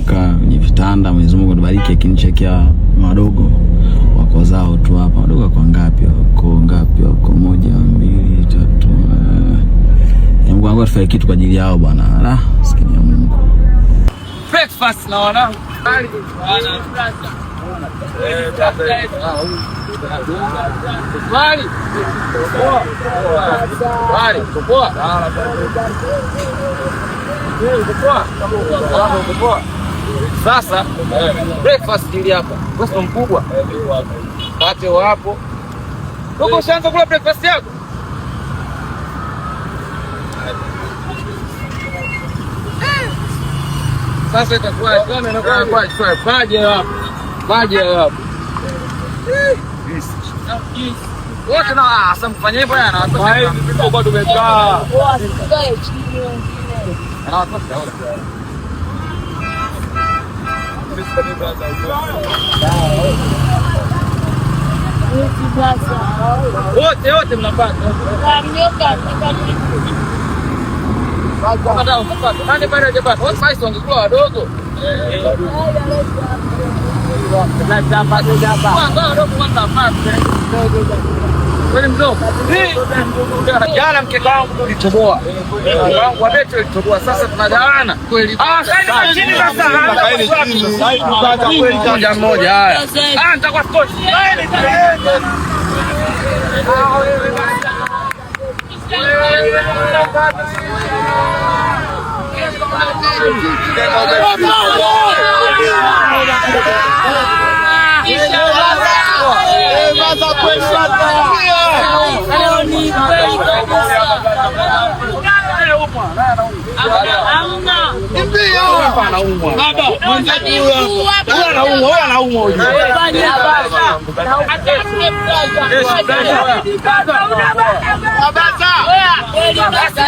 tunaamka kwenye vitanda. Mwenyezi Mungu atubariki, akinichekia madogo wako zao tu hapa. Madogo wako ngapi? Wako ngapi? Wako moja, mbili, tatu. Eh. Mungu wangu atufanye kitu kwa ajili yao bwana. La, sikinia Mungu. Breakfast na wanangu. Sasa breakfast ili hapa breakfast mkubwa pate wapo huko, ushaanza kula breakfast yako sasa, itakuwaje wapo baje wapo wote na política do Brasil. Ontem, ontem, na parte. Cada um, cada um vai o Jana mkeka wangu tulitoboa, wangu wa Beto alitoboa. Sasa tunagawana ah, moja moja. Haya, ah, nitakuwa skochi hapa anaumwa. Baba, mwenzetu huyo anaumwa, huyo anaumwa huyo.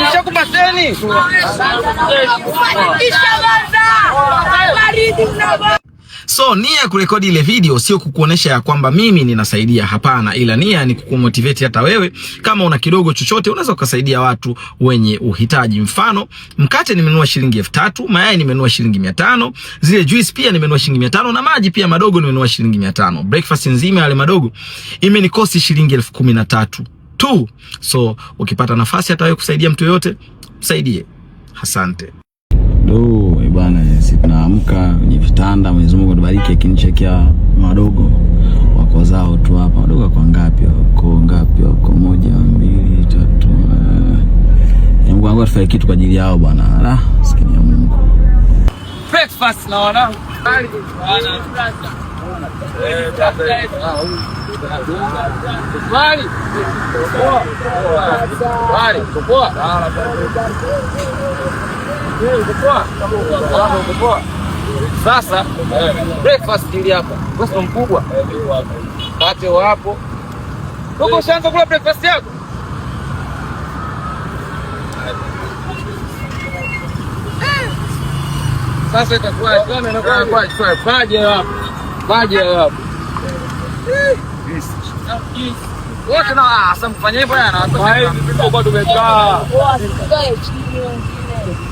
Nishakubaseni. So nia kurekodi ile video sio kukuonesha ya kwamba mimi ninasaidia, hapana, ila nia ni kukumotivate hata wewe kama una kidogo chochote, unaweza kusaidia watu wenye uhitaji. Mfano, mkate nimenunua shilingi 3000, mayai nimenunua shilingi 500, zile juice pia nimenunua shilingi 500 na maji pia madogo nimenunua shilingi 500. Breakfast nzima yale madogo imenikosti shilingi elfu tu. So ukipata nafasi hata wewe kusaidia mtu yoyote, msaidie. Asante bwana, si tunaamka kwenye vitanda. Mwenyezi Mungu atubariki, akinichekea madogo wako zao tu hapa. Madogo wako ngapi? Wako ngapi? Wako moja, mbili, tatu. Mungu wangu atufanye kitu kwa ajili yao bwana. la sikini Mungu. Breakfast na wanangu. Wali. Wali. Wali. Sasa eh, breakfast ili hapa wewe mkubwa pate wapo huko, ushaanza kula breakfast yako sasa, itakuwaje wapo baje wapo wote na ah, asa mfanye bwana, tumekaa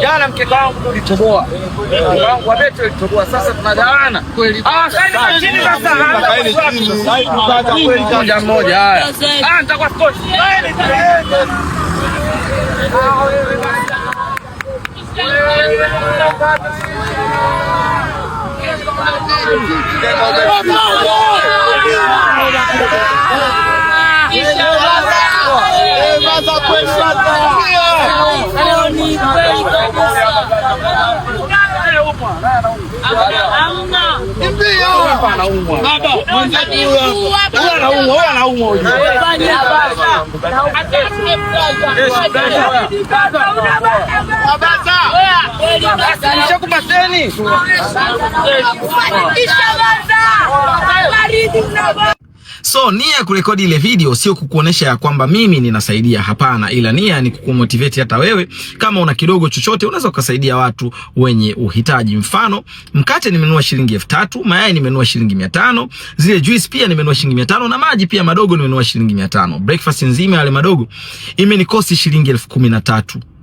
Jana mkeka wangu tulitoboa, wangu wa Beto alitoboa. Sasa tunagawana moja moja. Haya, nitakuwa skochi huyo anaumwa, mwenzetu huyo anaumwa, huyo anaumwa huyo. Nishakupateni So nia kurekodi ile video sio kukuonesha ya kwamba mimi ninasaidia, hapana, ila nia ni kukumotivate hata wewe kama una kidogo chochote, unaweza kusaidia watu wenye uhitaji. Mfano, mkate nimenunua shilingi 3000, mayai nimenunua shilingi 500, zile juice pia nimenunua shilingi 500 na maji pia madogo nimenunua shilingi 500. Breakfast nzima yale madogo imenikosti shilingi elfu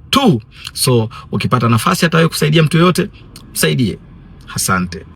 tu. So ukipata nafasi hata wewe kusaidia mtu yoyote, msaidie. Asante.